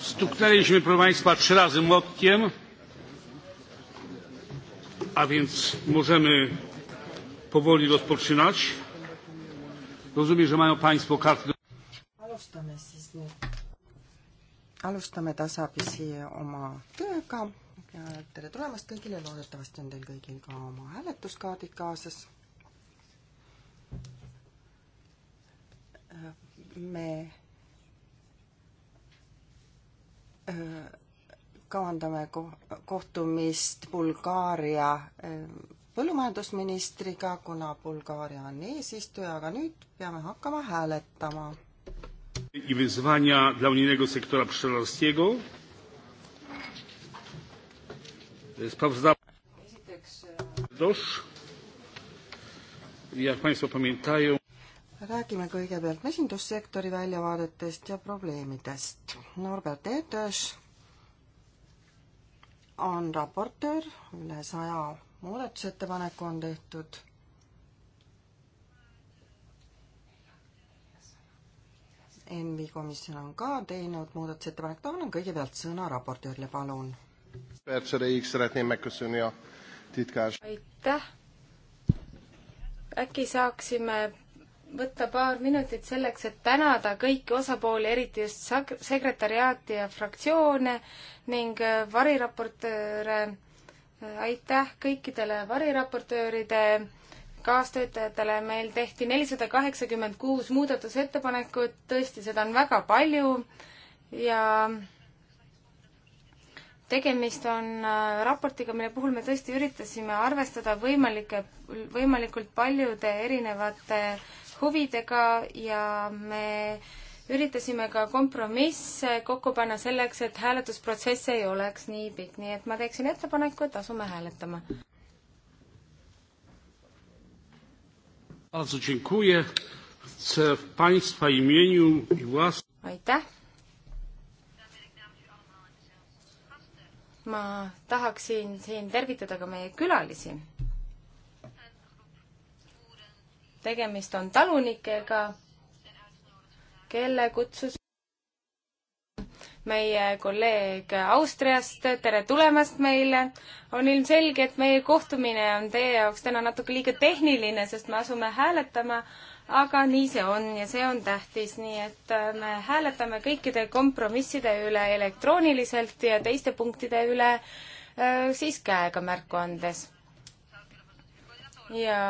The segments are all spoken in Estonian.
Stuknęliśmy, proszę Państwa, trzy razy młotkiem, a więc możemy powoli rozpoczynać. Rozumiem, że mają Państwo karty. Alustame siis nüüd. Alustame tasapisi oma tööga. Tere tulemast kõigile. Loodetavasti on teil kõigil ka oma hääletuskaardid kaasas. me kavandame kohtumist Bulgaaria põllumajandusministriga, kuna Bulgaaria on eesistuja, aga nüüd peame hakkama hääletama. esiteks. Jak Państwo pamiętają, räägime kõigepealt mesindussektori väljavaadetest ja probleemidest. Norbert Eetöös on raportöör, üle saja muudatusettepaneku on tehtud. ENVI komisjon on ka teinud muudatusettepaneku, ma annan kõigepealt sõna raportöörile, palun. aitäh äkki saaksime võtta paar minutit selleks, et tänada kõiki osapooli, eriti just sekretäriaati ja fraktsioone ning äh, variraportööre. aitäh kõikidele variraportööride kaastöötajatele, meil tehti nelisada kaheksakümmend kuus muudatusettepanekut, tõesti, seda on väga palju ja tegemist on äh, raportiga, mille puhul me tõesti üritasime arvestada võimalike, võimalikult paljude erinevate huvidega ja me üritasime ka kompromisse kokku panna selleks, et hääletusprotsess ei oleks nii pikk, nii et ma teeksin ettepaneku, et asume hääletama. aitäh. ma tahaksin siin tervitada ka meie külalisi tegemist on talunikega, kelle kutsus meie kolleeg Austriast, tere tulemast meile! on ilmselge, et meie kohtumine on teie jaoks täna natuke liiga tehniline, sest me asume hääletama, aga nii see on ja see on tähtis, nii et äh, me hääletame kõikide kompromisside üle elektrooniliselt ja teiste punktide üle äh, siis käega märku andes. ja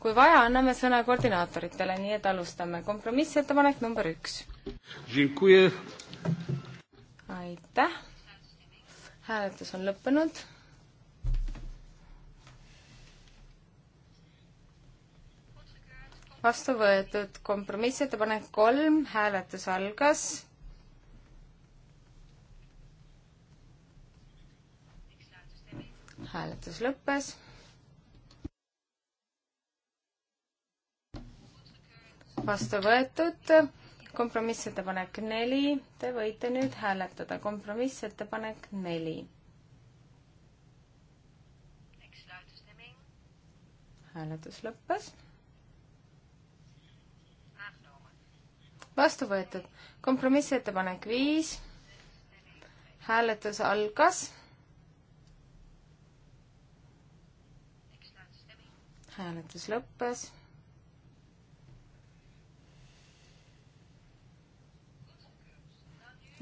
kui vaja, anname sõna koordinaatoritele, nii et alustame. kompromissettepanek number üks. aitäh. hääletus on lõppenud. vastu võetud kompromissettepanek kolm, hääletus algas hääletus lõppes. vastu võetud. kompromissettepanek neli, te võite nüüd hääletada, kompromissettepanek neli. hääletus lõppes. vastu võetud. kompromissettepanek viis. hääletus algas hääletus lõppes.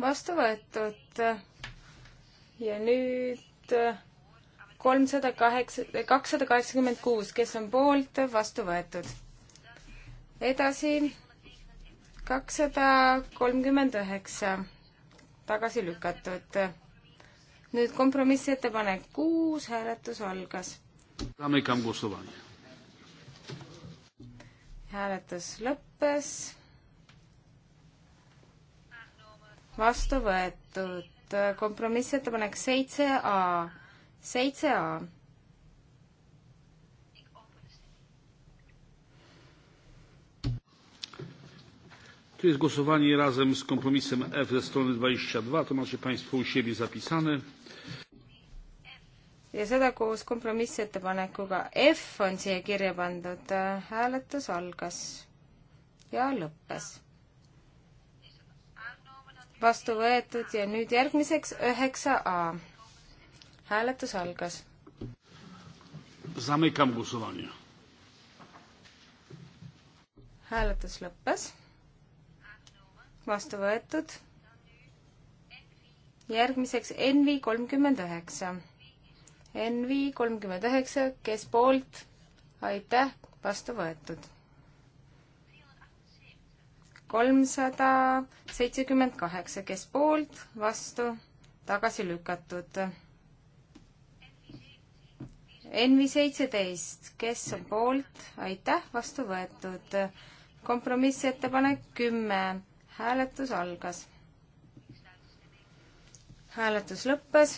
vastu võetud. ja nüüd kolmsada kaheksa, kakssada kaheksakümmend kuus, kes on poolt, vastu võetud. edasi kakssada kolmkümmend üheksa, tagasi lükatud. nüüd kompromissettepanek kuus, hääletus algas. hääletus lõppes vastu võetud. kompromissettepanek seitse A, seitse A. To jest głosowanie razem z kompromisem F ze strony 22. To macie Państwo u siebie zapisane. ja seda koos kompromissettepanekuga F on siia kirja pandud. hääletus algas ja lõppes vastu võetud ja nüüd järgmiseks üheksa A. hääletus algas. hääletus lõppes. vastu võetud. järgmiseks NV kolmkümmend üheksa. NV kolmkümmend üheksa, kes poolt? aitäh, vastu võetud kolmsada seitsekümmend kaheksa, kes poolt, vastu, tagasi lükatud. Envi seitseteist, kes on poolt, aitäh, vastu võetud. kompromissettepanek kümme, hääletus algas. hääletus lõppes.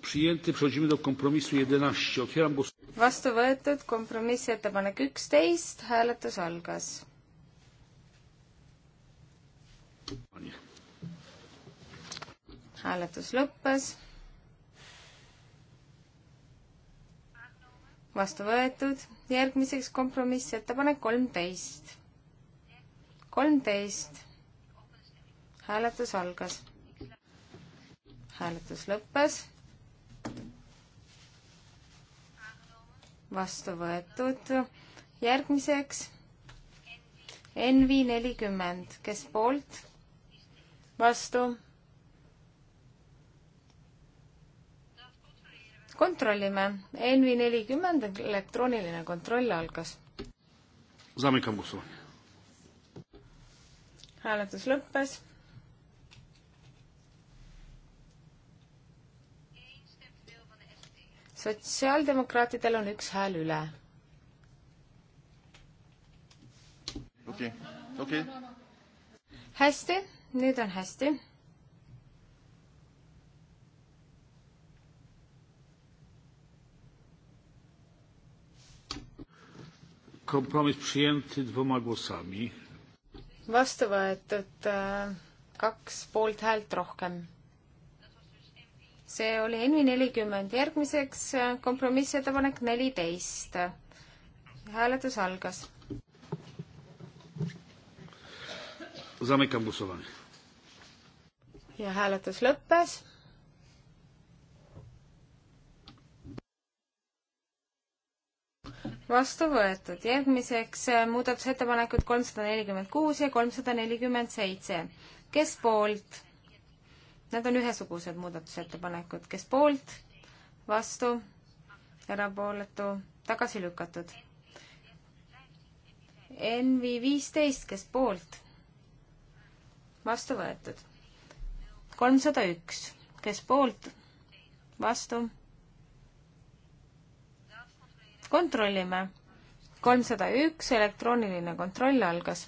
Przyjęty, przechodzimy do kompromisu jedenaście. Otwieram głosowanie vastu võetud, kompromissettepanek üksteist, hääletus algas. hääletus lõppes. vastu võetud, järgmiseks kompromissettepanek kolmteist. kolmteist, hääletus algas. hääletus lõppes vastu võetud. järgmiseks NV nelikümmend, kes poolt, vastu. kontrollime, NV nelikümmend elektrooniline kontroll algas. hääletus lõppes sotsiaaldemokraatidel on üks hääl üle. okei okay., okei okay.. hästi, nüüd on hästi. kompromiss przyjęty dvoma głosami. vastu võetud äh, kaks poolthäält rohkem see oli ENVI nelikümmend, järgmiseks äh, kompromissettepanek neliteist. hääletus algas. ja hääletus lõppes vastu võetud. järgmiseks äh, muudatusettepanekud kolmsada nelikümmend kuus ja kolmsada nelikümmend seitse. kes poolt? Need on ühesugused muudatusettepanekud, kes poolt, vastu, erapooletu, tagasi lükatud. NV viisteist, kes poolt, vastu võetud. kolmsada üks, kes poolt, vastu. kontrollime. kolmsada üks, elektrooniline kontroll algas.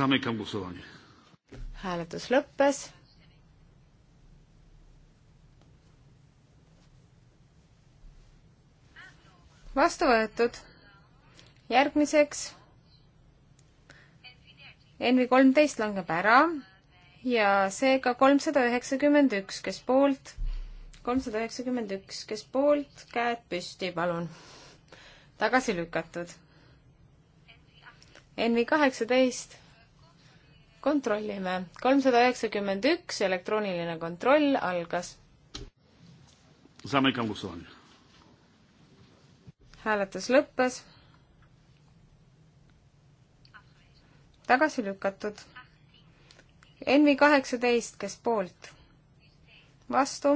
Zamykam głosowanie hääletus lõppes. vastu võetud. järgmiseks NV kolmteist langeb ära ja seega kolmsada üheksakümmend üks, kes poolt, kolmsada üheksakümmend üks, kes poolt, käed püsti, palun. tagasi lükatud. NV kaheksateist kontrollime. kolmsada üheksakümmend üks, elektrooniline kontroll algas. hääletus lõppes. tagasi lükatud. Envi kaheksateist, kes poolt? vastu.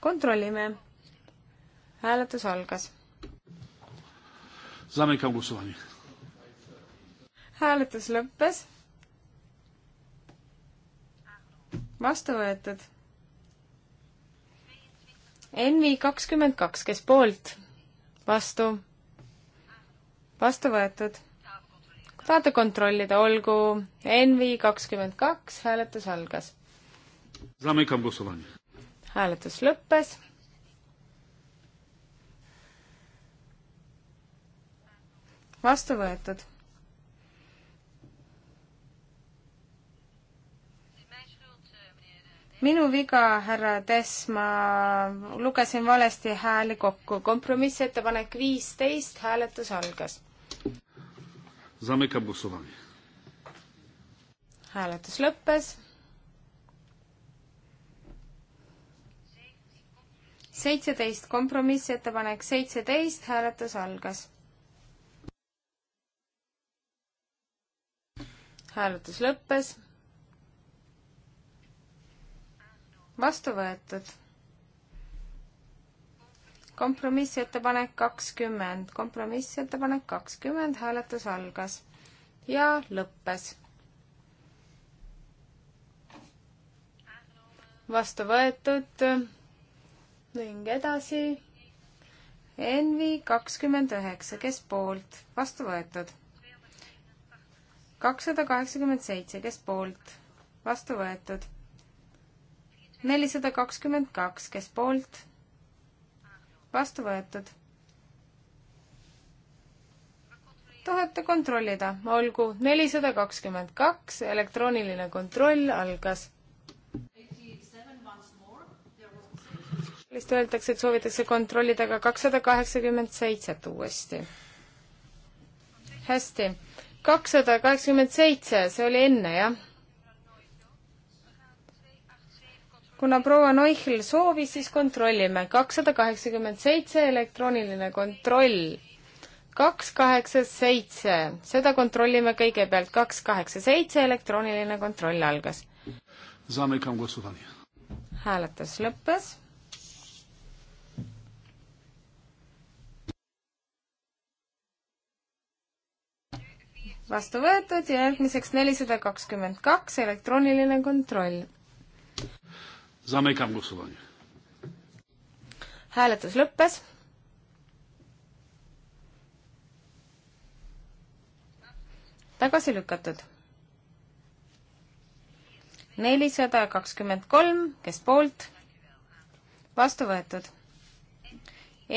kontrollime. hääletus algas. Zamykam głosowanie hääletus lõppes. vastu võetud. Envi kakskümmend kaks, kes poolt? vastu. vastu võetud. tahate kontrollida, olgu Envi kakskümmend kaks, hääletus algas. hääletus lõppes vastu võetud. minu viga, härra Tess, ma lugesin valesti hääli kokku. kompromissettepanek viisteist, hääletus algas. hääletus lõppes. seitseteist, kompromissettepanek seitseteist, hääletus algas. hääletus lõppes vastu võetud. kompromissettepanek kakskümmend, kompromissettepanek kakskümmend, hääletus algas ja lõppes. vastu võetud ning edasi Envi kakskümmend üheksa, kes poolt, vastu võetud. kakssada kaheksakümmend seitse, kes poolt, vastu võetud nelisada kakskümmend kaks, kes poolt? vastu võetud. tahate kontrollida? olgu, nelisada kakskümmend kaks, elektrooniline kontroll algas. vist öeldakse, et soovitakse kontrollida ka kakssada kaheksakümmend seitset uuesti. hästi, kakssada kaheksakümmend seitse, see oli enne, jah? kuna proua Neuchel soovis, siis kontrollime. kakssada kaheksakümmend seitse, elektrooniline kontroll. kaks kaheksa seitse, seda kontrollime kõigepealt. kaks kaheksa seitse, elektrooniline kontroll algas. hääletus lõppes vastu võetud ja järgmiseks nelisada kakskümmend kaks elektrooniline kontroll. Zamykam głosowanie. Hääletus lõppes. tagasi lükatud. nelisada kakskümmend kolm, kes poolt? vastu võetud.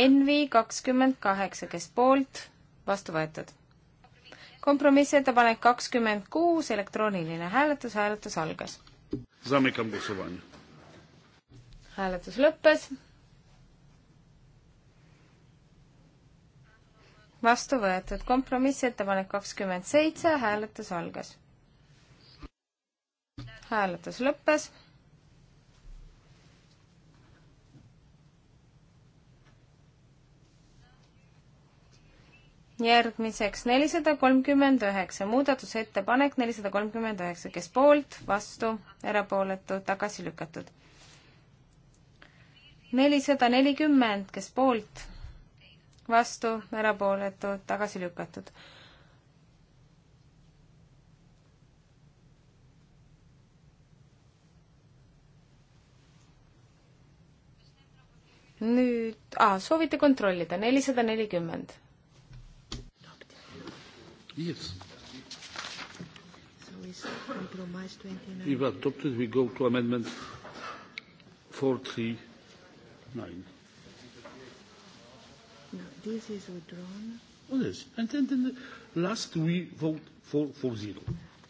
Envi kakskümmend kaheksa, kes poolt? vastu võetud. kompromissettepanek kakskümmend kuus, elektrooniline hääletus, hääletus algas. Zamykam głosowanie hääletus lõppes. vastu võetud kompromissettepanek kakskümmend seitse, hääletus algas. hääletus lõppes. järgmiseks nelisada kolmkümmend üheksa, muudatusettepanek nelisada kolmkümmend üheksa, kes poolt, vastu, erapooletu, tagasi lükatud nelisada nelikümmend, kes poolt, vastu, erapooletud, tagasi lükatud. nüüd, aa, soovite kontrollida, nelisada nelikümmend. Yes. If adopted, we go to amendment 40 nine. No, this is withdrawn. Oh, yes. And then, then the last we vote for, for zero.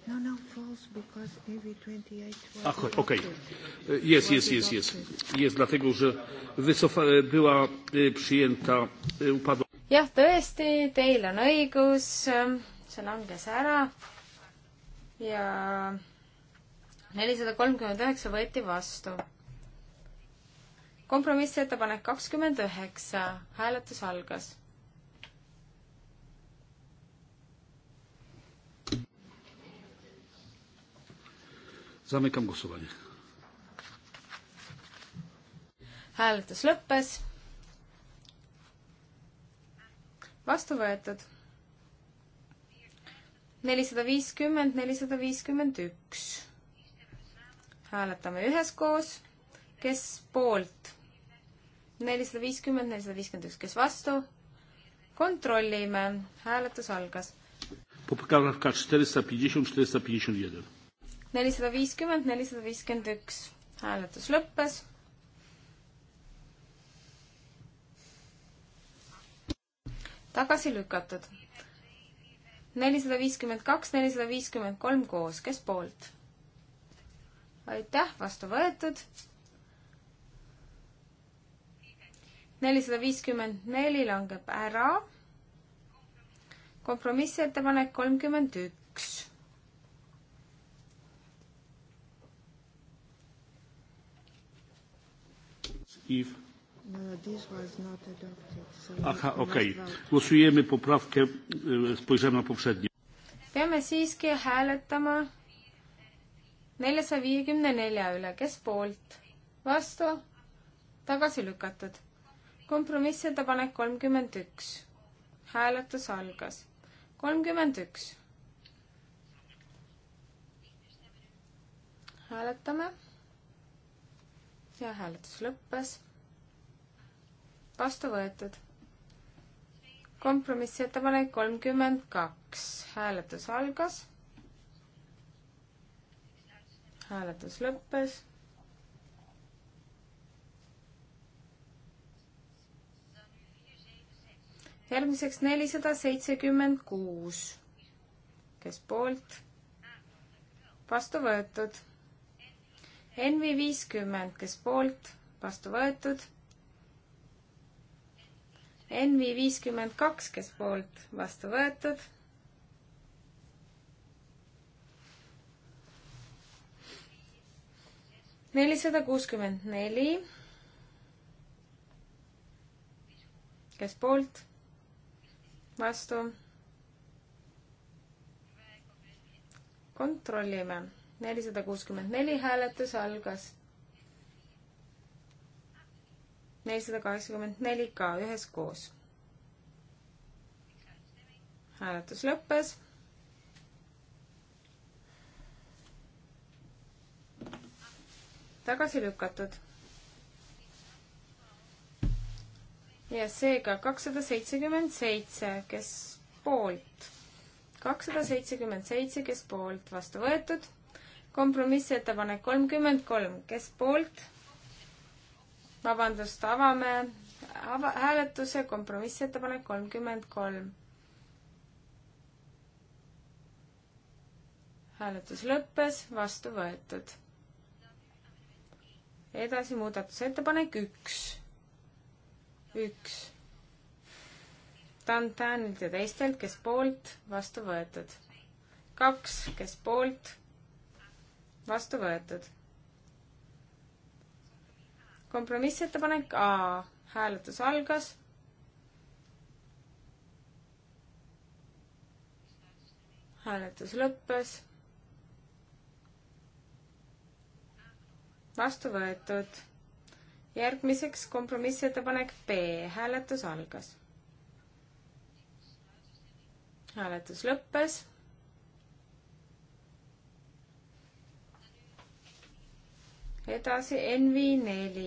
No, no, false, because every 28 was Ach, adopted. okay. Uh, yes, yes, yes, yes. Jest, dlatego, że wycofa, e, była e, przyjęta, e, upadła. Jah, tõesti, teil on õigus. See langes ära. Ja 439 võeti vastu kompromissettepanek kakskümmend üheksa, hääletus algas. Zamykam głosowanie. hääletus lõppes. vastu võetud. nelisada viiskümmend, nelisada viiskümmend üks. hääletame üheskoos. kes poolt? nelisada viiskümmend, nelisada viiskümmend üks, kes vastu? kontrollime, hääletus algas. nelisada viiskümmend, nelisada viiskümmend üks, hääletus lõppes. tagasi lükatud. nelisada viiskümmend kaks, nelisada viiskümmend kolm koos, kes poolt? aitäh, vastu võetud nelisada viiskümmend neli langeb ära. kompromissettepanek kolmkümmend üks. If Aha, okei okay.. Głosujemy poprawkę, e, spojrzałem na poprzednią. Peame siiski hääletama neljasaja viiekümne nelja üle, kes poolt, vastu, tagasi lükatud kompromissettepanek kolmkümmend üks. hääletus algas. kolmkümmend üks. hääletame. ja hääletus lõppes. vastu võetud. kompromissettepanek kolmkümmend kaks. hääletus algas. hääletus lõppes järgmiseks nelisada seitsekümmend kuus. kes poolt? vastu võetud. Envi viiskümmend, kes poolt? vastu võetud. Envi viiskümmend kaks, kes poolt? vastu võetud. nelisada kuuskümmend neli. kes poolt? vastu. kontrollime, nelisada kuuskümmend neli hääletus algas. nelisada kaheksakümmend neli ka üheskoos. hääletus lõppes tagasi lükatud. ja seega kakssada seitsekümmend seitse, kes poolt, kakssada seitsekümmend seitse, kes poolt, vastu võetud. kompromissettepanek kolmkümmend kolm, kes poolt? vabandust, avame ava-, hääletuse kompromissettepanek kolmkümmend kolm. hääletus lõppes, vastu võetud. edasi muudatusettepanek üks üks Tantanilt ja teistelt, kes poolt, vastu võetud. kaks, kes poolt, vastu võetud. kompromissettepanek A, hääletus algas. hääletus lõppes. vastu võetud järgmiseks kompromissettepanek B, hääletus algas. hääletus lõppes. edasi NV4,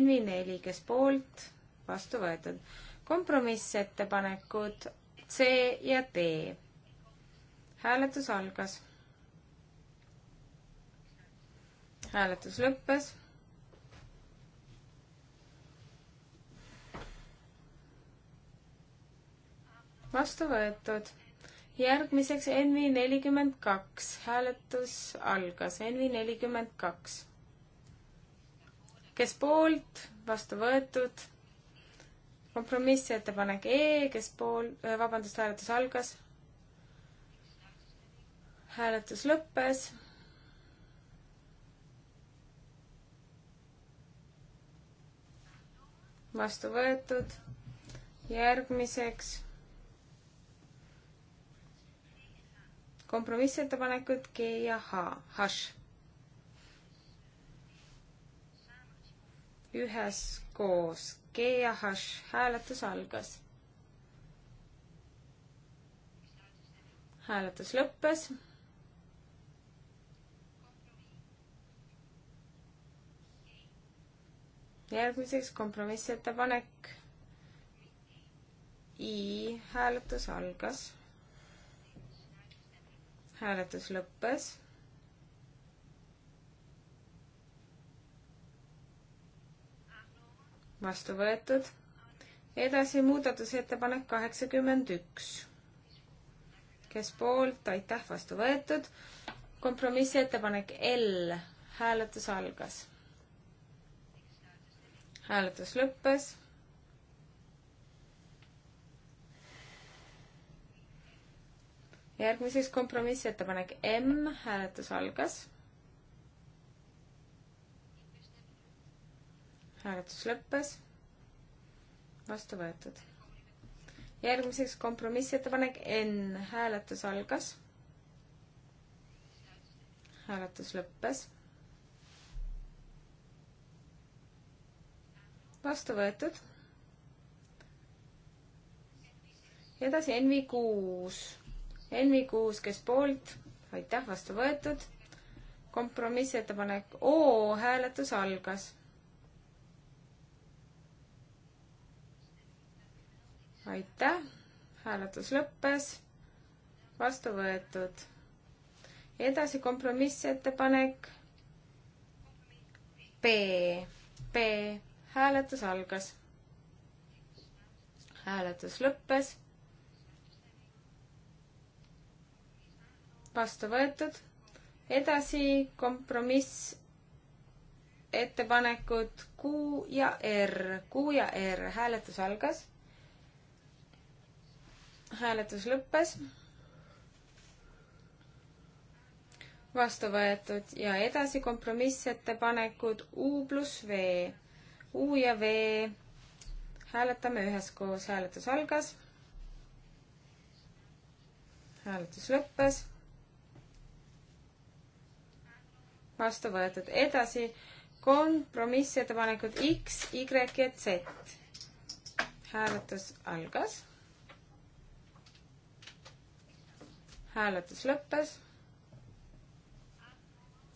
NV4, kes poolt, vastu võetud. kompromissettepanekud C ja D. hääletus algas hääletus lõppes. vastu võetud. järgmiseks NV nelikümmend kaks, hääletus algas, NV nelikümmend kaks. kes poolt, vastu võetud. kompromissettepanek E, kes pool, äh, vabandust, hääletus algas. hääletus lõppes vastu võetud. järgmiseks kompromissettepanekud G ja H, hash. üheskoos G ja hash hääletus algas. hääletus lõppes. järgmiseks kompromissettepanek I hääletus algas hääletus lõppes. vastu võetud. edasi muudatusettepanek kaheksakümmend üks. kes poolt, aitäh, vastu võetud. kompromissettepanek L, hääletus algas. hääletus lõppes järgmiseks kompromissettepanek M, hääletus algas. hääletus lõppes. vastu võetud. järgmiseks kompromissettepanek N, hääletus algas. hääletus lõppes. vastu võetud. edasi NV kuus Envi kuus, kes poolt, aitäh, vastu võetud. kompromissettepanek O hääletus algas. aitäh, hääletus lõppes, vastu võetud. edasi kompromissettepanek B, B hääletus algas. hääletus lõppes vastu võetud. edasi kompromiss, ettepanekud Q ja R, Q ja R, hääletus algas. hääletus lõppes. vastu võetud ja edasi kompromissettepanekud U pluss V, U ja V. hääletame üheskoos, hääletus algas hääletus lõppes. vastu võetud. edasi kompromissettepanekud X, Y ja Z. hääletus algas. hääletus lõppes.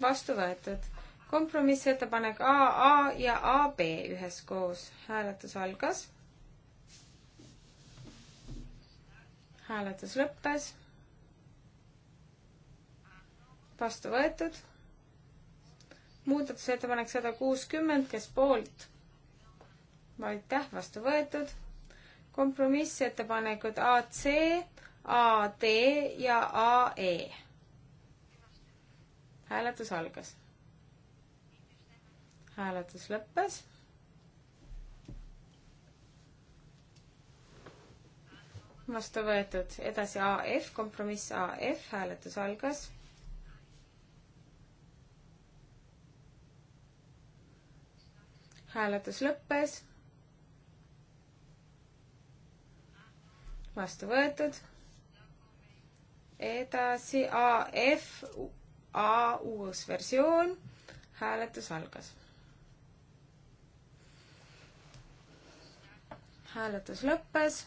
vastu võetud. kompromissettepanek AA ja AB üheskoos. hääletus algas. hääletus lõppes. vastu võetud muudatusettepanek sada kuuskümmend, kes poolt? aitäh, vastu võetud. kompromissettepanekud AC, AD ja AE. hääletus algas. hääletus lõppes. vastu võetud, edasi AF, kompromiss AF, hääletus algas hääletus lõppes. vastu võetud. edasi AF, A uus versioon, hääletus algas. hääletus lõppes.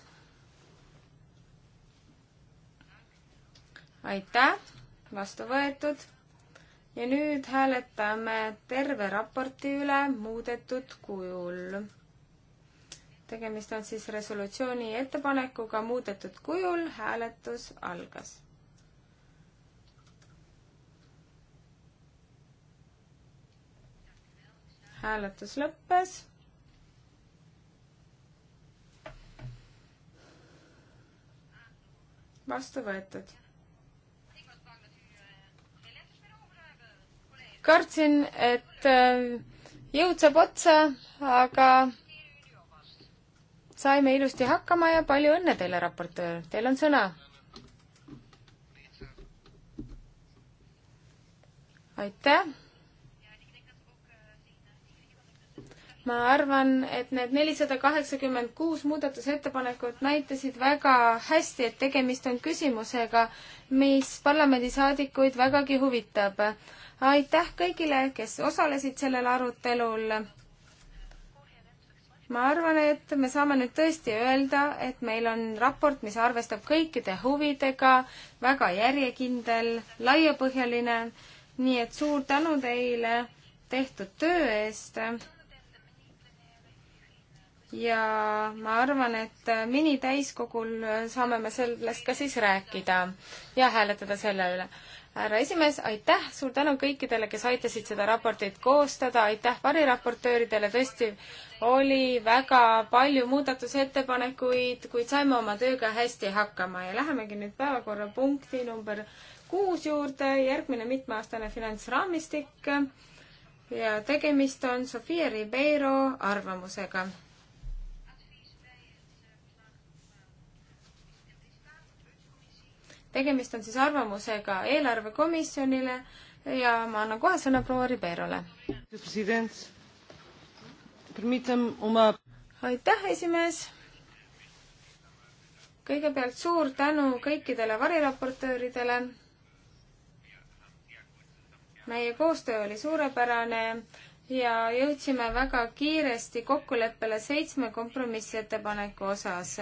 aitäh, vastu võetud ja nüüd hääletame terve raporti üle muudetud kujul. tegemist on siis resolutsiooni ettepanekuga muudetud kujul, hääletus algas. hääletus lõppes vastu võetud. kartsin, et äh, jõud saab otsa, aga saime ilusti hakkama ja palju õnne teile, raportöör, teil on sõna. aitäh. ma arvan, et need nelisada kaheksakümmend kuus muudatusettepanekut näitasid väga hästi, et tegemist on küsimusega, mis parlamendisaadikuid vägagi huvitab aitäh kõigile, kes osalesid sellel arutelul. ma arvan, et me saame nüüd tõesti öelda, et meil on raport, mis arvestab kõikide huvidega, väga järjekindel, laiapõhjaline, nii et suur tänu teile tehtud töö eest ja ma arvan, et minitäiskogul saame me sellest ka siis rääkida ja hääletada selle üle härra esimees, aitäh, suur tänu kõikidele, kes aitasid seda raportit koostada, aitäh variraportööridele, tõesti oli väga palju muudatusettepanekuid, kuid saime oma tööga hästi hakkama ja lähemegi nüüd päevakorrapunkti number kuus juurde, järgmine mitmeaastane finantsraamistik ja tegemist on Sofia Ribeiro arvamusega tegemist on siis arvamusega eelarvekomisjonile ja ma annan kohe sõna proua Riberole. aitäh, esimees! kõigepealt suur tänu kõikidele variraportööridele. meie koostöö oli suurepärane ja jõudsime väga kiiresti kokkuleppele seitsme kompromissettepaneku osas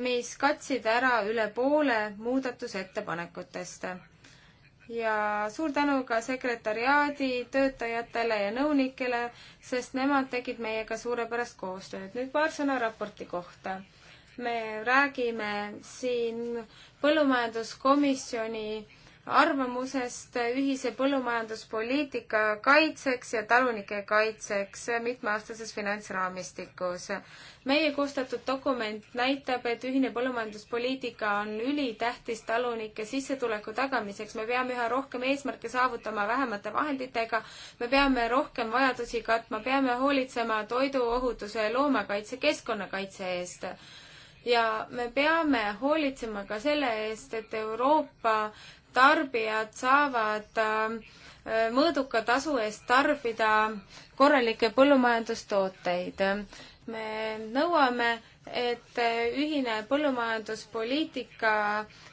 mis katsid ära üle poole muudatusettepanekutest. ja suur tänu ka sekretariaadi töötajatele ja nõunikele, sest nemad tegid meiega suurepärast koostööd. nüüd paar sõna raporti kohta. me räägime siin põllumajanduskomisjoni arvamusest ühise põllumajanduspoliitika kaitseks ja talunike kaitseks mitmeaastases finantsraamistikus. meie koostatud dokument näitab, et ühine põllumajanduspoliitika on ülitähtis talunike sissetuleku tagamiseks. me peame üha rohkem eesmärke saavutama vähemate vahenditega, me peame rohkem vajadusi katma, peame hoolitsema toiduohutuse, loomakaitse, keskkonnakaitse eest ja me peame hoolitsema ka selle eest, et Euroopa tarbijad saavad äh, mõõduka tasu eest tarbida korralikke põllumajandustooteid. me nõuame, et äh, ühine põllumajanduspoliitika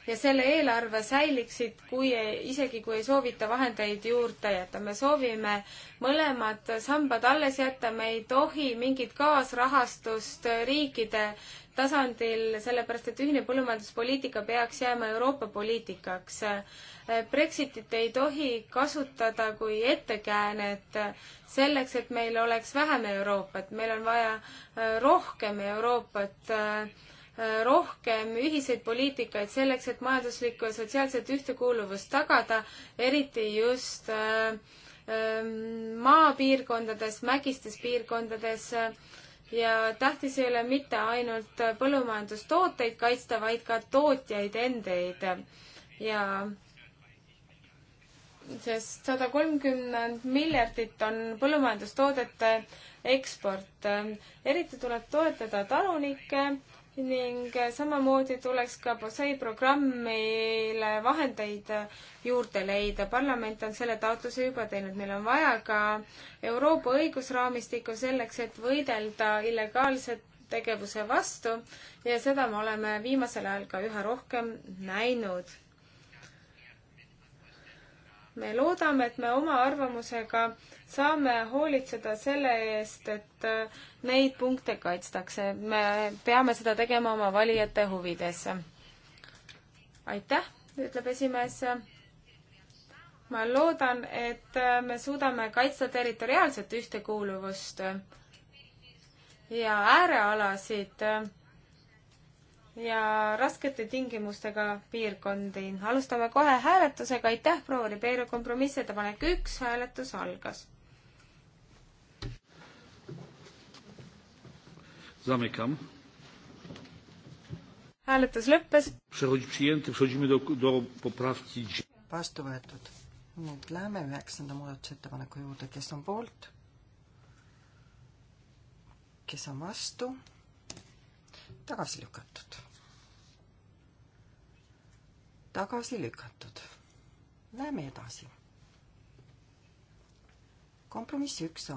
ja selle eelarve säiliksid, kui, isegi kui ei soovita vahendeid juurde jätta. me soovime mõlemad sambad alles jätta, me ei tohi mingit kaasrahastust riikide tasandil, sellepärast et ühine põllumajanduspoliitika peaks jääma Euroopa poliitikaks. Brexitit ei tohi kasutada kui ettekäänet selleks, et meil oleks vähem Euroopat, meil on vaja äh, rohkem Euroopat äh, rohkem ühiseid poliitikaid selleks, et majanduslikku ja sotsiaalset ühtekuuluvust tagada, eriti just äh, ähm, maapiirkondades, mägistes piirkondades, piirkondades ja tähtis ei ole mitte ainult põllumajandustooteid kaitsta, vaid ka tootjaid endeid. ja sest sada kolmkümmend miljardit on põllumajandustoodete eksport. eriti tuleb toetada talunikke ning samamoodi tuleks ka POSEI programmile vahendeid juurde leida. parlament on selle taotluse juba teinud. meil on vaja ka Euroopa õigusraamistikku selleks, et võidelda illegaalset tegevuse vastu ja seda me oleme viimasel ajal ka üha rohkem näinud. me loodame, et me oma arvamusega saame hoolitseda selle eest, et äh, neid punkte kaitstakse. me peame seda tegema oma valijate huvides. aitäh, ütleb esimees. ma loodan, et äh, me suudame kaitsta territoriaalset ühtekuuluvust ja äärealasid äh, ja raskete tingimustega piirkondi. alustame kohe hääletusega, aitäh, proua Ribeiro, kompromissettepanek üks, hääletus algas. Zamykam. hääletus lõppes. vastu võetud. nüüd läheme üheksanda muudatusettepaneku juurde, kes on poolt? kes on vastu? tagasi lükatud. tagasi lükatud. Läheme edasi. kompromiss üks A.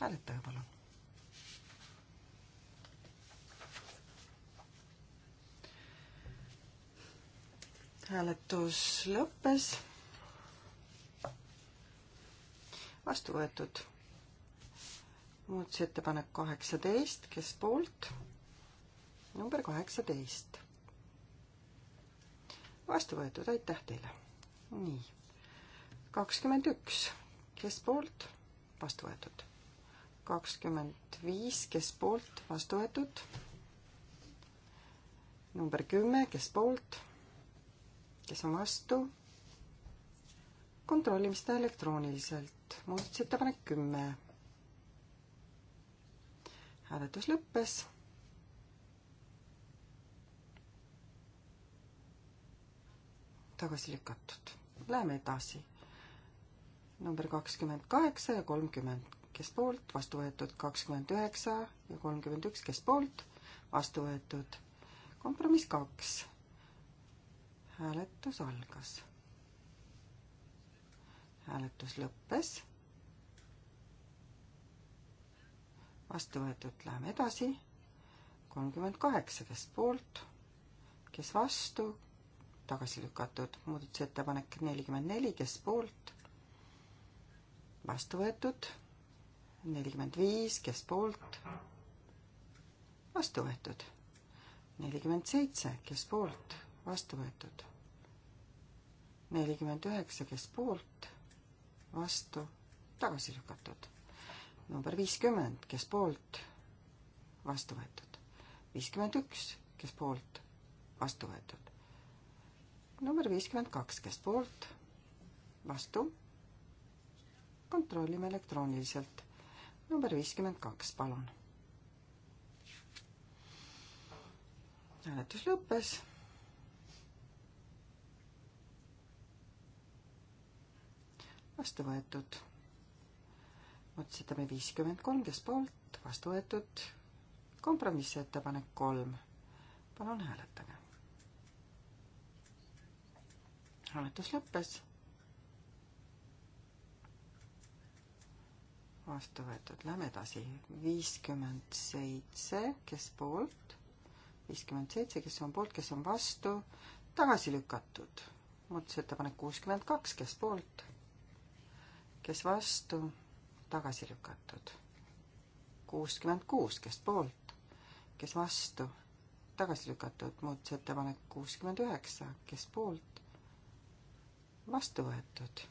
hääletage palun. hääletus lõppes. vastu võetud. muudatusettepanek kaheksateist, kes poolt? number kaheksateist. vastu võetud, aitäh teile. nii, kakskümmend üks, kes poolt? vastu võetud. kakskümmend viis, kes poolt? vastu võetud. number kümme, kes poolt? kes on vastu, kontrollime seda elektrooniliselt. muudatusettepanek kümme. hääletus lõppes. tagasi lükatud. Läheme edasi. number kakskümmend kaheksa ja kolmkümmend, kes poolt, vastu võetud kakskümmend üheksa ja kolmkümmend üks, kes poolt, vastu võetud. kompromiss kaks hääletus algas. hääletus lõppes. vastu võetud, läheme edasi. kolmkümmend kaheksa, kes poolt, kes vastu, tagasi lükatud. muudatusettepanek nelikümmend neli, kes poolt, vastu võetud. nelikümmend viis, kes poolt, vastu võetud. nelikümmend seitse, kes poolt vastu võetud. nelikümmend üheksa, kes poolt, vastu, tagasi lükatud. number viiskümmend, kes poolt, vastu võetud. viiskümmend üks, kes poolt, vastu võetud. number viiskümmend kaks, kes poolt, vastu. kontrollime elektrooniliselt. number viiskümmend kaks, palun hääletus lõppes vastu võetud. otsusetame viiskümmend kolm, kes poolt, vastu võetud. kompromissettepanek kolm. palun hääletage. hääletus lõppes. vastu võetud, lähme edasi. viiskümmend seitse, kes poolt? viiskümmend seitse, kes on poolt, kes on vastu? tagasi lükatud. muudatusettepanek kuuskümmend kaks, kes poolt? kes vastu, tagasi lükatud. kuuskümmend kuus, kes poolt, kes vastu, tagasi lükatud, muudatusettepanek kuuskümmend üheksa, kes poolt, vastu võetud.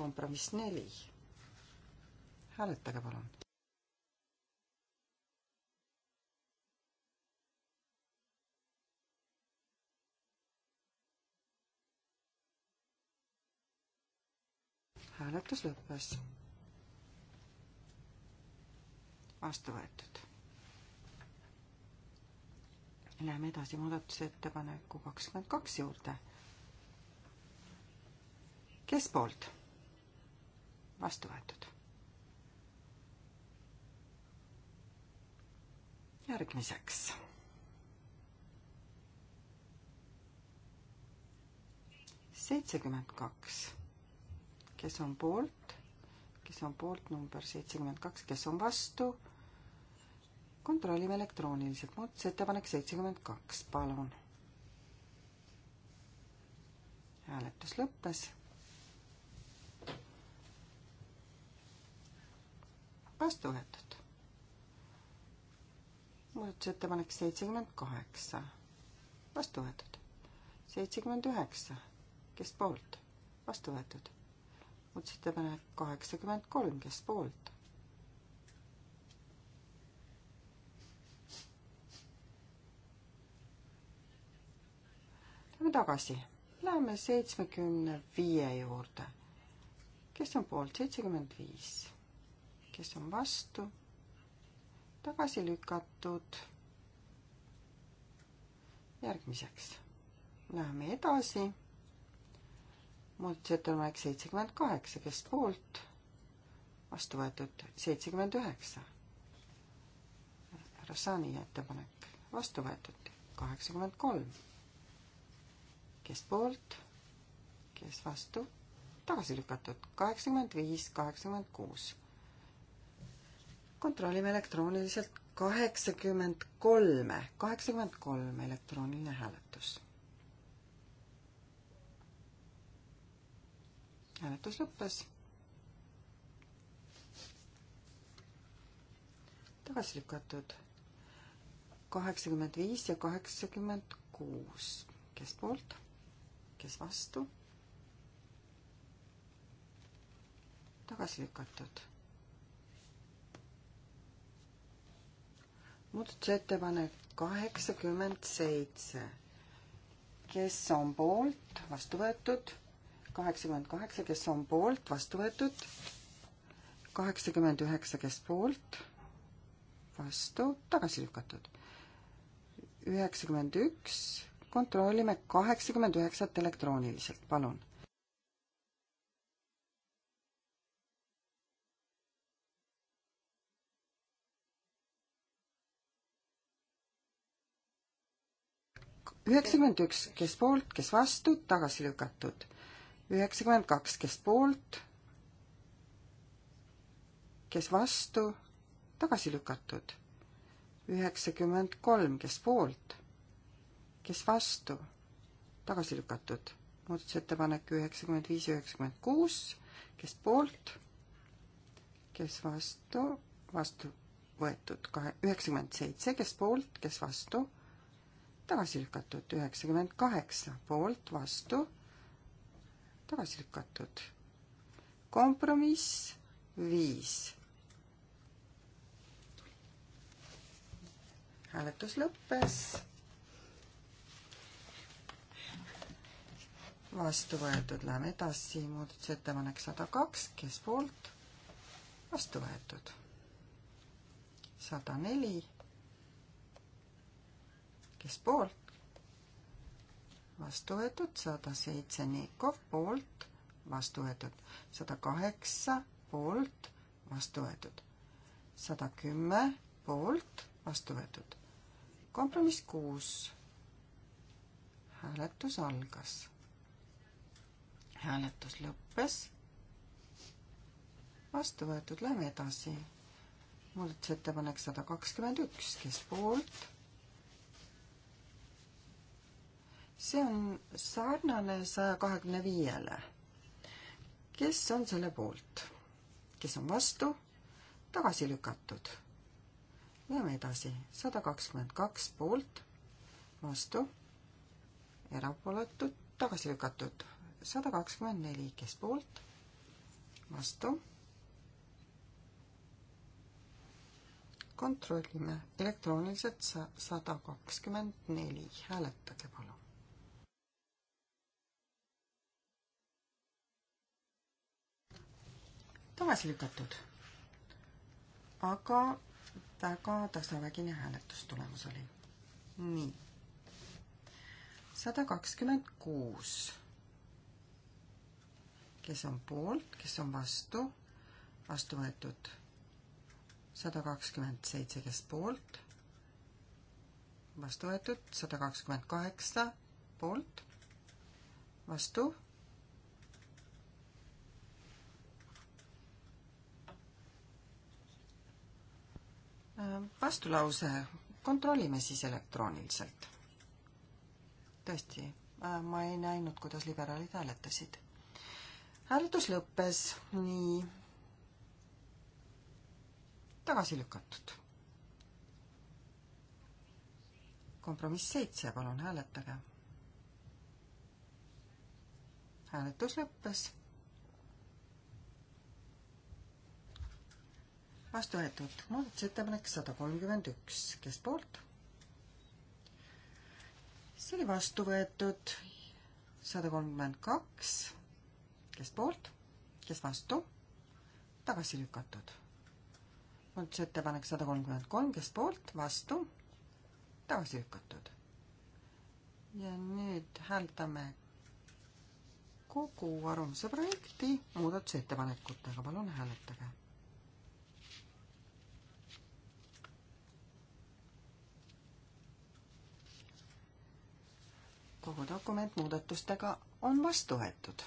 kompromiss neli. hääletage palun hääletus lõppes. vastu võetud. Läheme edasi muudatusettepaneku kakskümmend kaks juurde. kes poolt? vastu võetud. järgmiseks seitsekümmend kaks kes on poolt, kes on poolt number seitsekümmend kaks, kes on vastu. kontrollime elektrooniliselt, muudatusettepanek seitsekümmend kaks, palun. hääletus lõppes. vastu võetud. muudatusettepanek seitsekümmend kaheksa, vastu võetud. seitsekümmend üheksa, kes poolt, vastu võetud muudatusettepanek kaheksakümmend kolm, kes poolt? Lähme tagasi, läheme seitsmekümne viie juurde. kes on poolt, seitsekümmend viis, kes on vastu? tagasi lükatud. järgmiseks läheme edasi muudatusettepanek seitsekümmend kaheksa, kes poolt, vastu võetud seitsekümmend üheksa. Rassani ettepanek vastu võetud kaheksakümmend kolm. kes poolt, kes vastu, tagasi lükatud kaheksakümmend viis, kaheksakümmend kuus. kontrollime elektrooniliselt kaheksakümmend kolme, kaheksakümmend kolm elektrooniline hääletus. hääletus lõppes. tagasi lükatud kaheksakümmend viis ja kaheksakümmend kuus, kes poolt, kes vastu. tagasi lükatud muudatusettepanek kaheksakümmend seitse. kes on poolt, vastu võetud? kaheksakümmend kaheksa, kes on poolt, vastu võetud. kaheksakümmend üheksa, kes poolt, vastu, tagasi lükatud. üheksakümmend üks, kontrollime kaheksakümmend üheksat elektrooniliselt, palun üheksakümmend üks, kes poolt, kes vastu, tagasi lükatud üheksakümmend kaks, kes poolt, kes vastu, tagasi lükatud. üheksakümmend kolm, kes poolt, kes vastu, tagasi lükatud. muudatusettepanek üheksakümmend viis, üheksakümmend kuus, kes poolt, kes vastu, vastu võetud kahe, üheksakümmend seitse, kes poolt, kes vastu, tagasi lükatud. üheksakümmend kaheksa, poolt, vastu tagasi lükatud. kompromiss viis. hääletus lõppes. vastu võetud, läheme edasi, muudatusettepanek sada kaks, kes poolt? vastu võetud. sada neli. kes poolt? vastu võetud, sada seitse Nikov poolt, vastu võetud, sada kaheksa poolt, vastu võetud, sada kümme poolt, vastu võetud. kompromiss kuus. hääletus algas. hääletus lõppes. vastu võetud, lähme edasi. muudatusettepanek sada kakskümmend üks, kes poolt see on sarnane saja kahekümne viiele. kes on selle poolt? kes on vastu? tagasi lükatud. Läheme edasi, sada kakskümmend kaks poolt, vastu, erapooletud, tagasi lükatud, sada kakskümmend neli, kes poolt, vastu. kontrollime elektrooniliselt sada kakskümmend neli, hääletage palun. tagasi lükatud. aga väga tasavägine hääletustulemus oli. nii. sada kakskümmend kuus. kes on poolt, kes on vastu? vastu võetud sada kakskümmend seitse, kes poolt? vastu võetud sada kakskümmend kaheksa poolt, vastu vastulause kontrollime siis elektrooniliselt. tõesti, äh, ma ei näinud, kuidas liberaalid hääletasid. hääletus lõppes nii tagasi lükatud. kompromiss seitse, palun hääletage. hääletus lõppes vastu võetud. muudatusettepanek sada kolmkümmend üks, kes poolt? see oli vastu võetud. sada kolmkümmend kaks, kes poolt, kes vastu? tagasi lükatud. muudatusettepanek sada kolmkümmend kolm, kes poolt, vastu? tagasi lükatud. ja nüüd hääldame kogu arvamuse projekti muudatusettepanekutega, palun hääletage kogu dokument muudatustega on vastu võetud.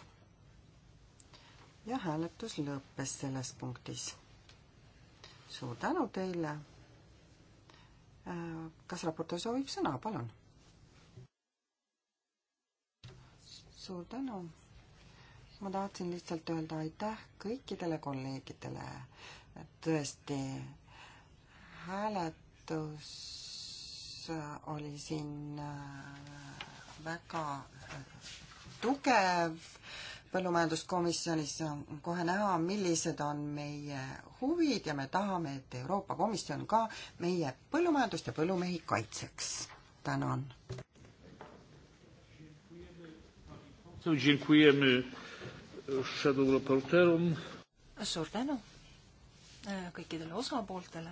ja hääletus lõppes selles punktis. suur tänu teile. Äh, kas raportöör soovib sõna, palun? suur tänu. ma tahtsin lihtsalt öelda aitäh kõikidele kolleegidele. tõesti, hääletus oli siin äh, väga tugev põllumajanduskomisjonis on kohe näha, millised on meie huvid ja me tahame, et Euroopa Komisjon ka meie põllumajandust ja põllumehi kaitseks. tänan. suur tänu äh, kõikidele osapooltele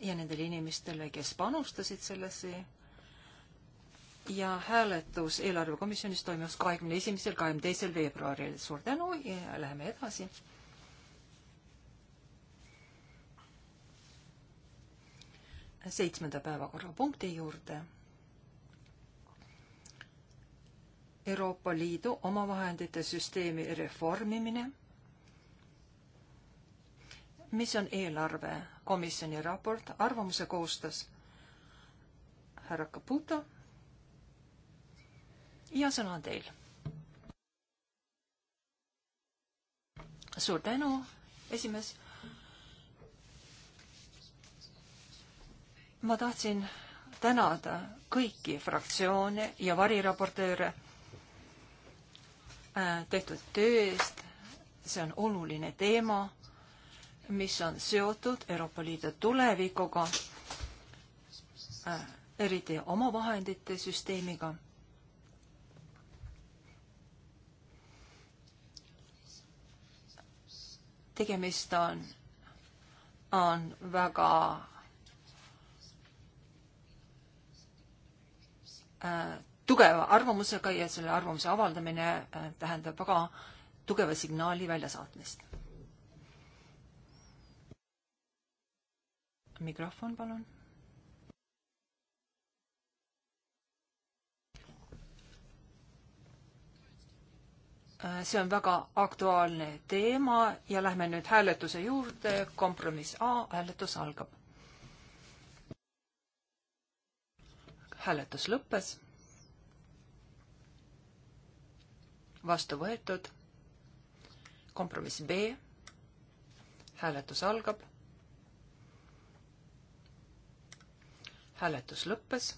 ja nendele inimestele, kes panustasid sellesse ja hääletus eelarvekomisjonis toimus kahekümne esimesel, kahekümne teisel veebruaril. suur tänu ja läheme edasi. seitsmenda päevakorrapunkti juurde. Euroopa Liidu omavahendite süsteemi reformimine, mis on eelarvekomisjoni raport, arvamuse koostas härra Caputo ja sõna on teil. suur tänu, esimees. ma tahtsin tänada kõiki fraktsioone ja variraportööre äh, tehtud töö eest. see on oluline teema, mis on seotud Euroopa Liidu tulevikuga, äh, eriti omavahendite süsteemiga tegemist on, on väga äh, tugeva arvamusega ja selle arvamuse avaldamine äh, tähendab väga tugeva signaali väljasaatmist. mikrofon, palun see on väga aktuaalne teema ja lähme nüüd hääletuse juurde. kompromiss A, hääletus algab. hääletus lõppes. vastu võetud. kompromiss B, hääletus algab. hääletus lõppes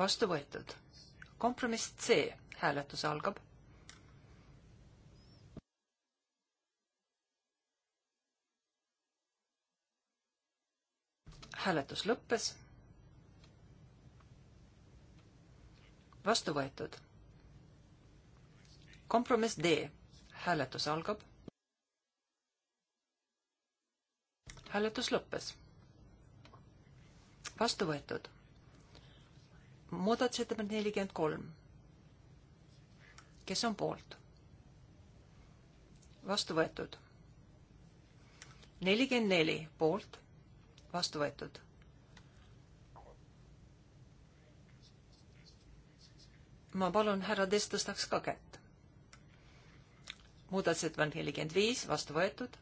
vastu võetud. kompromiss C, hääletus algab. hääletus lõppes. vastu võetud. kompromiss D, hääletus algab. hääletus lõppes. vastu võetud muudatusettepanek nelikümmend kolm. kes on poolt? vastu võetud. nelikümmend neli poolt, vastu võetud. ma palun, härra Test tõstaks ka kätt. muudatusettepanek nelikümmend viis, vastu võetud.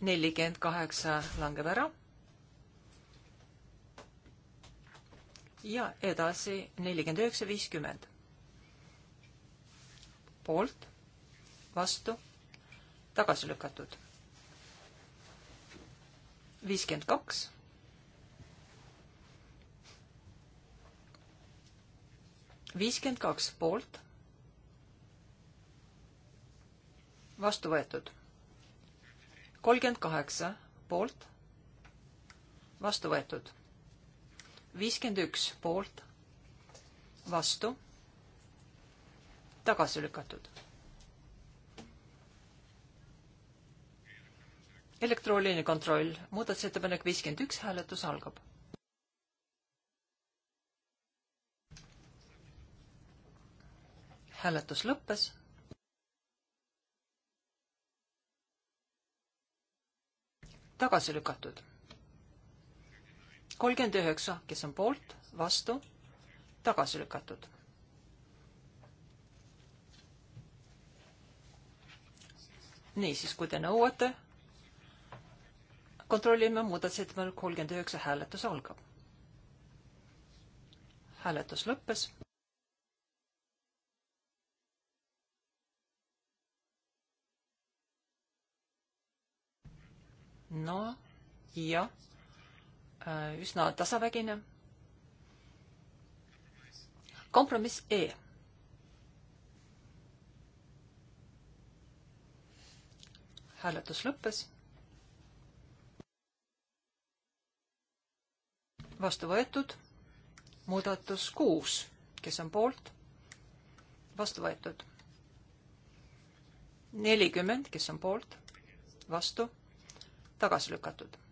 nelikümmend kaheksa langeb ära ja edasi nelikümmend üheksa, viiskümmend. poolt, vastu, tagasi lükatud. viiskümmend kaks. viiskümmend kaks poolt, vastu võetud. kolmkümmend kaheksa poolt, vastu võetud viiskümmend üks poolt, vastu, tagasi lükatud. elektrooniline kontroll, muudatusettepanek viiskümmend üks, hääletus algab. hääletus lõppes tagasi lükatud kolmkümmend üheksa, kes on poolt, vastu, tagasi lükatud. niisiis, kui te nõuate, kontrollime muudatusettepanek kolmkümmend üheksa, hääletus algab. hääletus lõppes. no jah Äh, üsna tasavägine. kompromiss E. hääletus lõppes. vastu võetud muudatus kuus, kes on poolt, vastu võetud. nelikümmend, kes on poolt, vastu, tagasi lükatud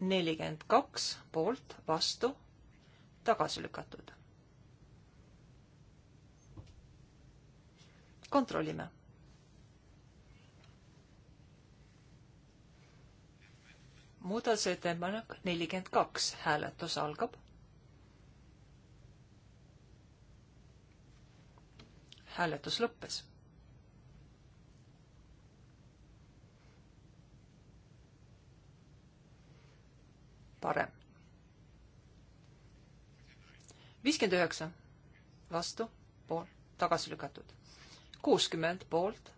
nelikümmend kaks poolt, vastu, tagasi lükatud. kontrollime. muudatusettepanek nelikümmend kaks, hääletus algab. hääletus lõppes parem. viiskümmend üheksa vastu, pool, tagasi lükatud. kuuskümmend poolt,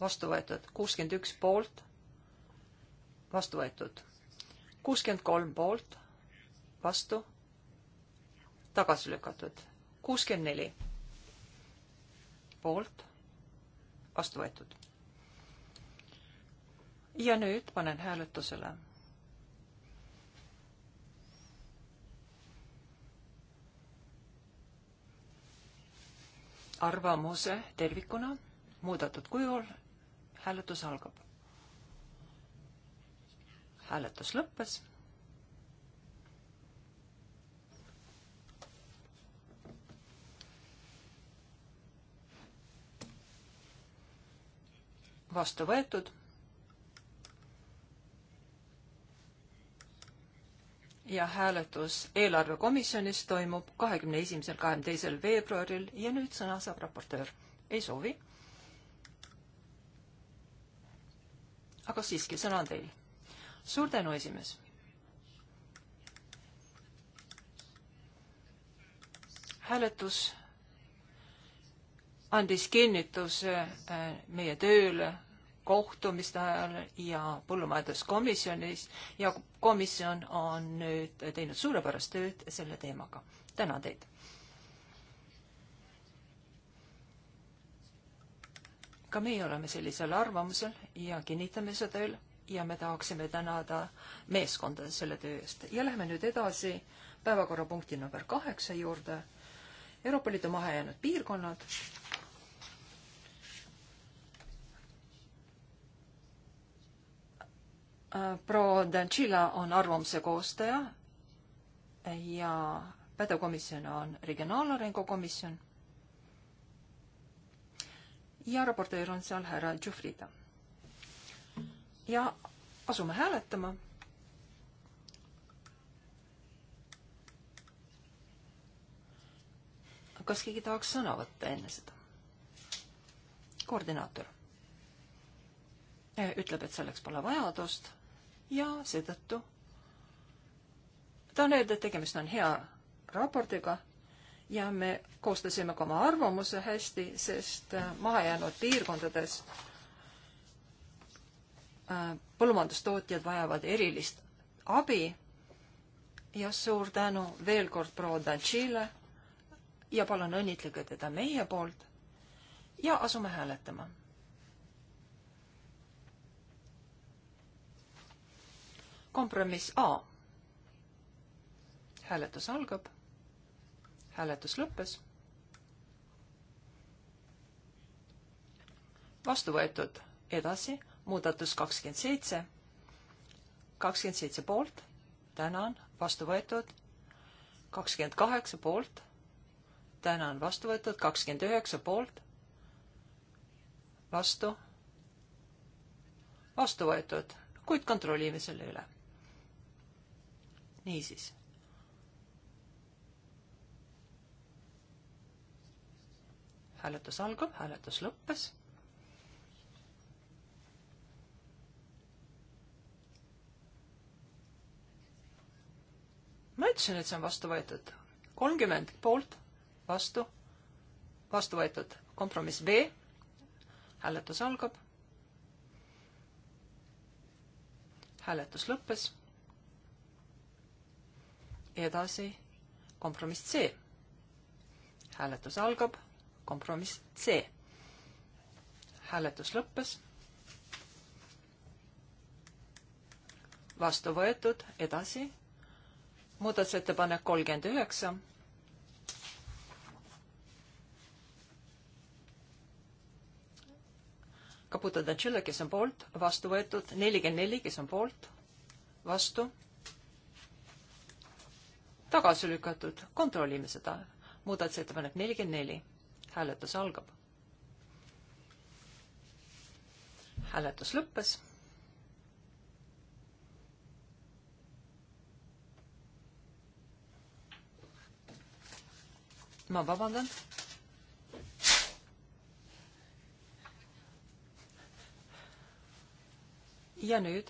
vastu võetud, kuuskümmend üks poolt, vastu võetud, kuuskümmend kolm poolt, vastu, tagasi lükatud, kuuskümmend neli poolt, vastu võetud. ja nüüd panen hääletusele arvamuse tervikuna muudetud kujul. hääletus algab. hääletus lõppes vastu võetud ja hääletus eelarvekomisjonis toimub kahekümne esimesel, kahekümne teisel veebruaril ja nüüd sõna saab raportöör. ei soovi? aga siiski, sõna on teil. suur tänu, esimees. hääletus andis kinnituse äh, meie tööle kohtumiste ajal ja põllumajanduskomisjonis ja komisjon on nüüd teinud suurepärast tööd selle teemaga. tänan teid. ka meie oleme sellisel arvamusel ja kinnitame seda üle ja me tahaksime tänada meeskonda selle töö eest. ja lähme nüüd edasi päevakorrapunkti number kaheksa juurde. Euroopa Liidu mahajäänud piirkonnad proua Danchila on arvamuse koostaja ja pädev komisjon on Regionaalarengu komisjon. ja raportöör on seal härra Džufrida. ja asume hääletama kas keegi tahaks sõna võtta enne seda? koordinaator ütleb, et selleks pole vajadust ja seetõttu tahan öelda, et tegemist on hea raportiga ja me koostasime ka oma arvamuse hästi, sest äh, mahajäänud piirkondades äh, põllumajandustootjad vajavad erilist abi ja suur tänu veel kord proua Danchile ja palun õnnitlege teda meie poolt ja asume hääletama kompromiss A. hääletus algab. hääletus lõppes. vastu võetud, edasi muudatus kakskümmend seitse, kakskümmend seitse poolt, tänan, vastu võetud, kakskümmend kaheksa poolt, tänan, vastu võetud, kakskümmend üheksa poolt, vastu, vastu võetud, kuid kontrollime selle üle niisiis. hääletus algab, hääletus lõppes ma ütlesin, et see on vastu võetud. kolmkümmend poolt, vastu, vastu võetud. kompromiss B. hääletus algab. hääletus lõppes edasi kompromiss C. hääletus algab, kompromiss C. hääletus lõppes. vastu võetud, edasi. muudatusettepanek kolmkümmend üheksa. Kaputa Tantšilla, kes on poolt, vastu võetud, nelikümmend neli, kes on poolt, vastu tagasi lükatud, kontrollime seda. muudatusettepanek nelikümmend neli, hääletus algab. hääletus lõppes. ma vabandan. ja nüüd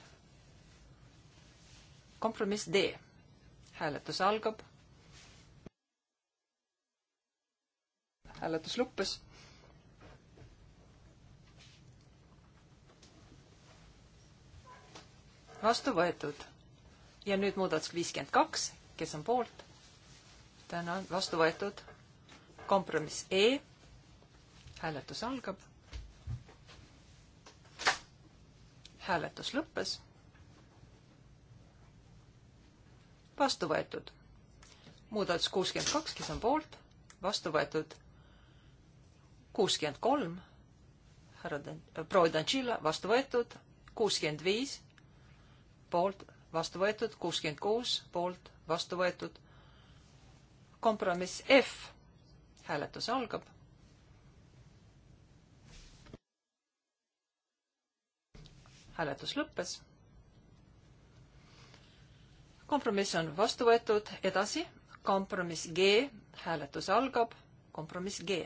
kompromiss D hääletus algab. hääletus lõppes. vastu võetud. ja nüüd muudatus viiskümmend kaks, kes on poolt? tänan, vastu võetud. kompromiss E. hääletus algab. hääletus lõppes vastu võetud. muudatus kuuskümmend kaks, kes on poolt, vastu võetud. kuuskümmend kolm, härra Dan-, äh, proua Danchila, vastu võetud. kuuskümmend viis, poolt, vastu võetud. kuuskümmend kuus, poolt, vastu võetud. kompromiss F, hääletus algab. hääletus lõppes kompromiss on vastu võetud, edasi kompromiss G, hääletus algab, kompromiss G.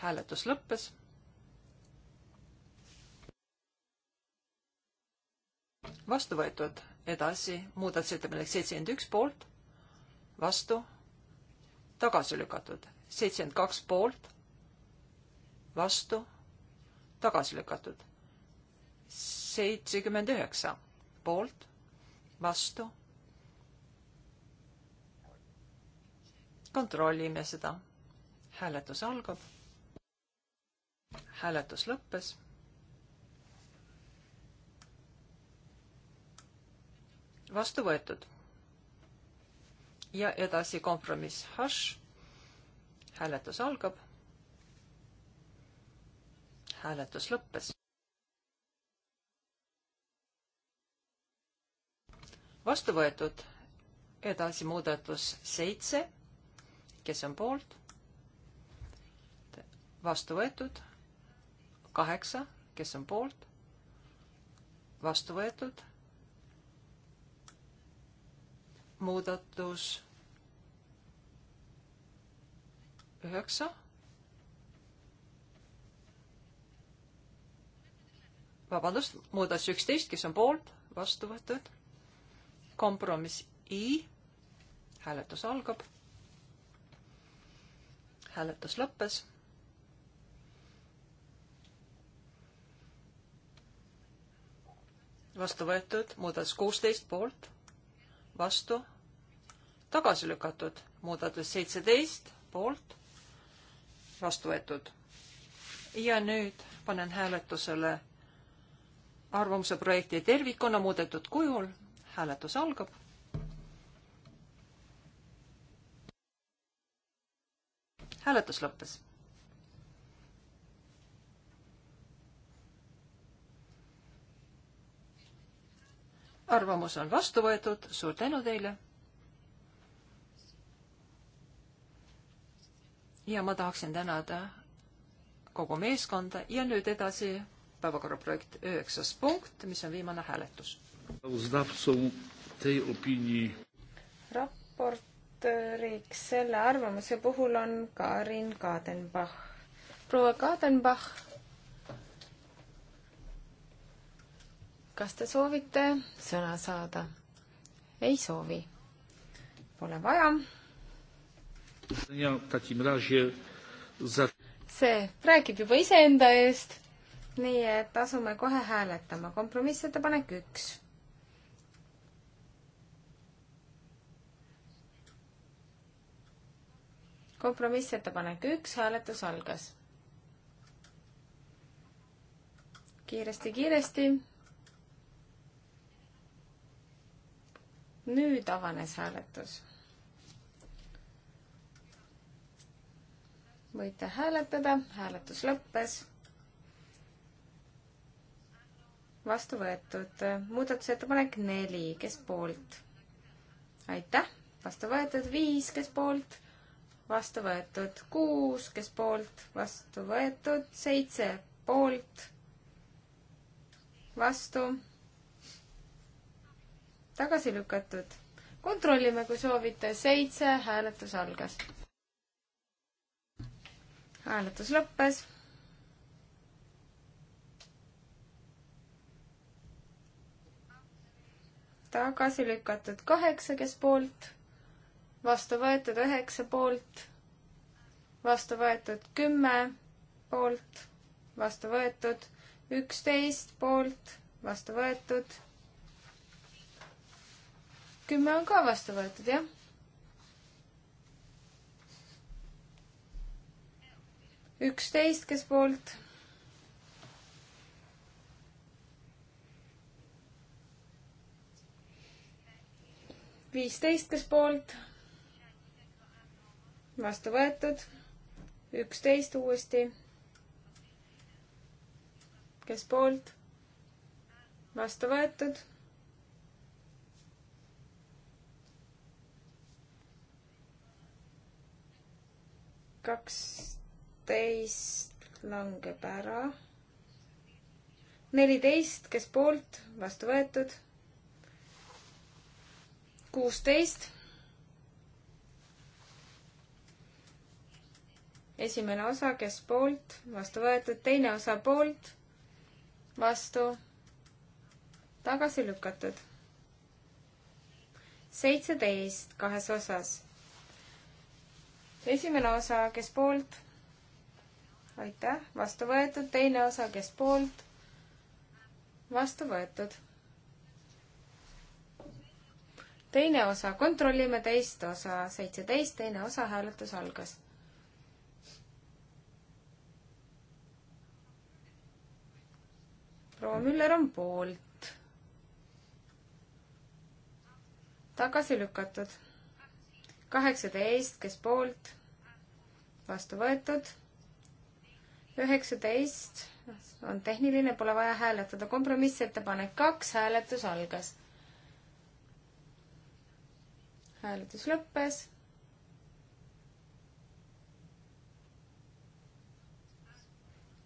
hääletus lõppes. vastu võetud, edasi muudatusettepanek seitsekümmend üks poolt, vastu, tagasi lükatud, seitsekümmend kaks poolt, vastu, tagasi lükatud, seitsekümmend üheksa poolt, vastu. kontrollime seda. hääletus algab. hääletus lõppes. vastu võetud. ja edasi kompromiss hash. hääletus algab. hääletus lõppes. vastu võetud. edasi muudatus seitse, kes on poolt? vastu võetud. kaheksa, kes on poolt? vastu võetud. muudatus üheksa. vabandust, muudatus üksteist, kes on poolt, vastu võetud kompromiss I. hääletus algab. hääletus lõppes. vastu võetud muudatus kuusteist poolt, vastu, tagasi lükatud muudatus seitseteist poolt, vastu võetud. ja nüüd panen hääletusele arvamuse projekti tervikuna muudetud kujul hääletus algab. hääletus lõppes. arvamus on vastu võetud, suur tänu teile. ja ma tahaksin tänada kogu meeskonda ja nüüd edasi päevakorraprojekt üheksas punkt, mis on viimane hääletus raportööriks selle arvamuse puhul on Karin Kadenbach. proua Kadenbach, kas te soovite sõna saada? ei soovi. Pole vaja. see räägib juba iseenda eest. nii et asume kohe hääletama. kompromissettepanek üks kompromissettepanek üks, hääletus algas. kiiresti, kiiresti. nüüd avanes hääletus. võite hääletada, hääletus lõppes. vastu võetud muudatusettepanek neli, kes poolt? aitäh, vastu võetud viis, kes poolt? vastu võetud kuus, kes poolt, vastu võetud seitse, poolt, vastu, tagasi lükatud. kontrollime, kui soovite, seitse, hääletus algas. hääletus lõppes. tagasi lükatud kaheksa, kes poolt vastu võetud üheksa poolt, vastu võetud kümme poolt, vastu võetud üksteist poolt, vastu võetud. kümme on ka vastu võetud, jah. üksteist, kes poolt viisteist, kes poolt, vastu võetud, üksteist uuesti. kes poolt? vastu võetud. kaksteist langeb ära. neliteist, kes poolt, vastu võetud. kuusteist esimene osa, kes poolt, vastu võetud, teine osa poolt, vastu, tagasi lükatud. seitseteist kahes osas. esimene osa, kes poolt, aitäh, vastu võetud, teine osa, kes poolt, vastu võetud. teine osa, kontrollime teist osa, seitseteist, teine osa, hääletus algas proua Müller on poolt. tagasi lükatud. kaheksateist, kes poolt, vastu võetud. üheksateist on tehniline, pole vaja hääletada. kompromissettepanek kaks, hääletus algas. hääletus lõppes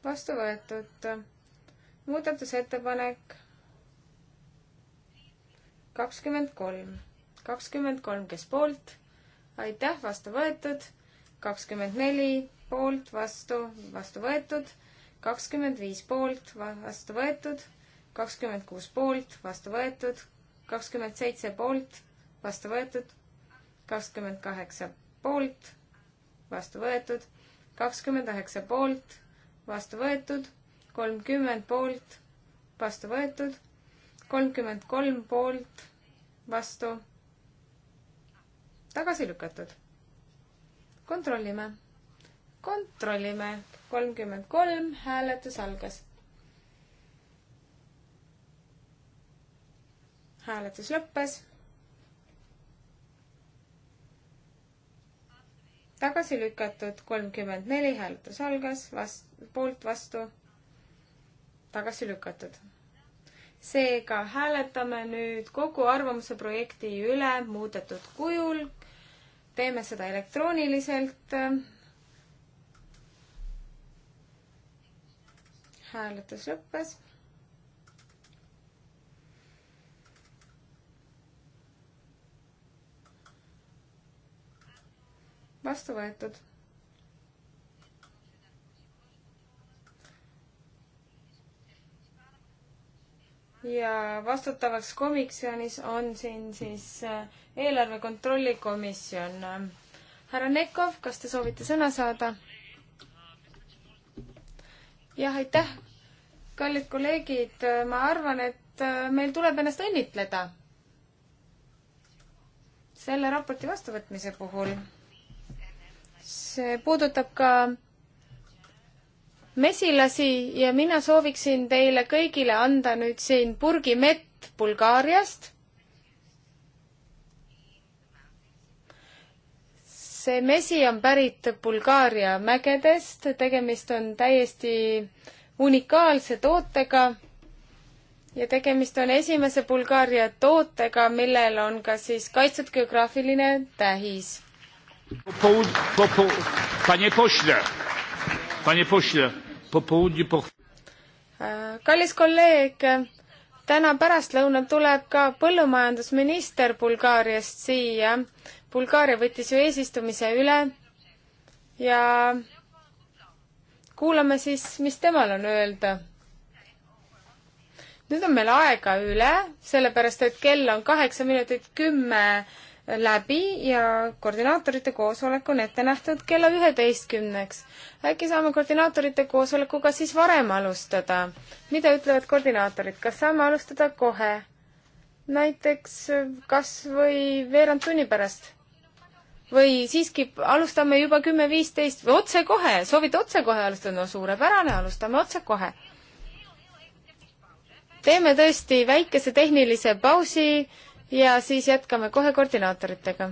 vastu võetud muudatusettepanek kakskümmend kolm, kakskümmend kolm, kes poolt, aitäh, vastu võetud, kakskümmend neli poolt, vastu, vastu võetud, kakskümmend viis poolt, vastu võetud, kakskümmend kuus poolt, vastu võetud, kakskümmend seitse poolt, vastu võetud, kakskümmend kaheksa poolt, vastu võetud, kakskümmend üheksa poolt, vastu võetud kolmkümmend poolt, vastu võetud, kolmkümmend kolm poolt, vastu, tagasi lükatud. kontrollime, kontrollime, kolmkümmend kolm, hääletus algas. hääletus lõppes. tagasi lükatud kolmkümmend neli, hääletus algas, vast-, poolt vastu tagasi lükatud. seega hääletame nüüd kogu arvamuse projekti üle muudetud kujul. teeme seda elektrooniliselt. hääletus lõppes. vastu võetud ja vastutavaks komisjonis on siin siis äh, eelarve kontrolli komisjon. härra Nekov, kas te soovite sõna saada? jah, aitäh. kallid kolleegid, äh, ma arvan, et äh, meil tuleb ennast õnnitleda selle raporti vastuvõtmise puhul. see puudutab ka mesilasi ja mina sooviksin teile kõigile anda nüüd siin purgi mett Bulgaariast. see mesi on pärit Bulgaaria mägedest, tegemist on täiesti unikaalse tootega ja tegemist on esimese Bulgaaria tootega, millel on ka siis kaitstud geograafiline tähis. Panie pośle, panie pośle Äh, kallis kolleeg, täna pärastlõunal tuleb ka põllumajandusminister Bulgaariast siia. Bulgaaria võttis ju eesistumise üle ja kuulame siis, mis temal on öelda. nüüd on meil aega üle, sellepärast et kell on kaheksa minutit kümme läbi ja koordinaatorite koosolek on ette nähtud kella üheteistkümneks. äkki saame koordinaatorite koosolekuga siis varem alustada? mida ütlevad koordinaatorid, kas saame alustada kohe? näiteks kas või veerand tunni pärast? või siiski alustame juba kümme, viisteist või otsekohe, soovite otsekohe alustada? no suurepärane, alustame otsekohe. teeme tõesti väikese tehnilise pausi ja siis jätkame kohe koordinaatoritega